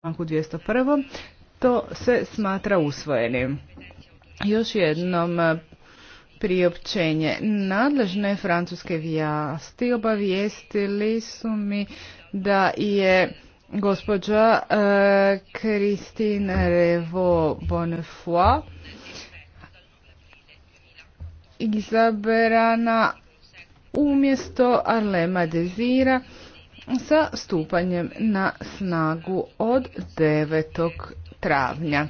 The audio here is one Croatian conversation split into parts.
članku 201. To se smatra usvojenim. Još jednom eh, priopćenje. Nadležne francuske vijasti obavijestili su mi da je gospođa eh, Christine Revo Bonnefoy izaberana umjesto Arlema Dezira sa stupanjem na snagu od 9. travnja.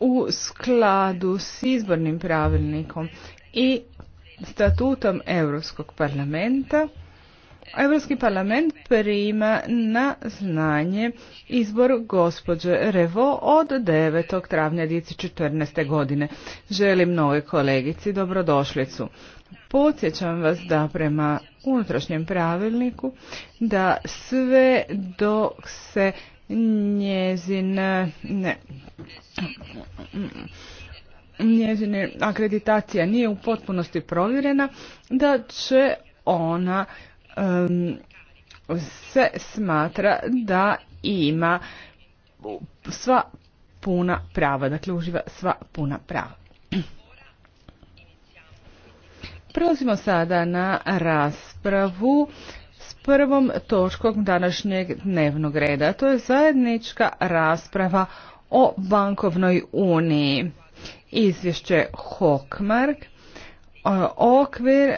U skladu s izbornim pravilnikom i statutom Europskog parlamenta Europski parlament prima na znanje izbor gospođe Revo od 9. travnja 2014. godine. Želim novoj kolegici dobrodošlicu. Podsjećam vas da prema unutrašnjem pravilniku da sve dok se njezin ne, njezine akreditacija nije u potpunosti provjerena da će ona se smatra da ima sva puna prava, dakle uživa sva puna prava. Prelazimo sada na raspravu s prvom točkom današnjeg dnevnog reda. To je zajednička rasprava o bankovnoj uniji. Izvješće Hokmark, e, okvir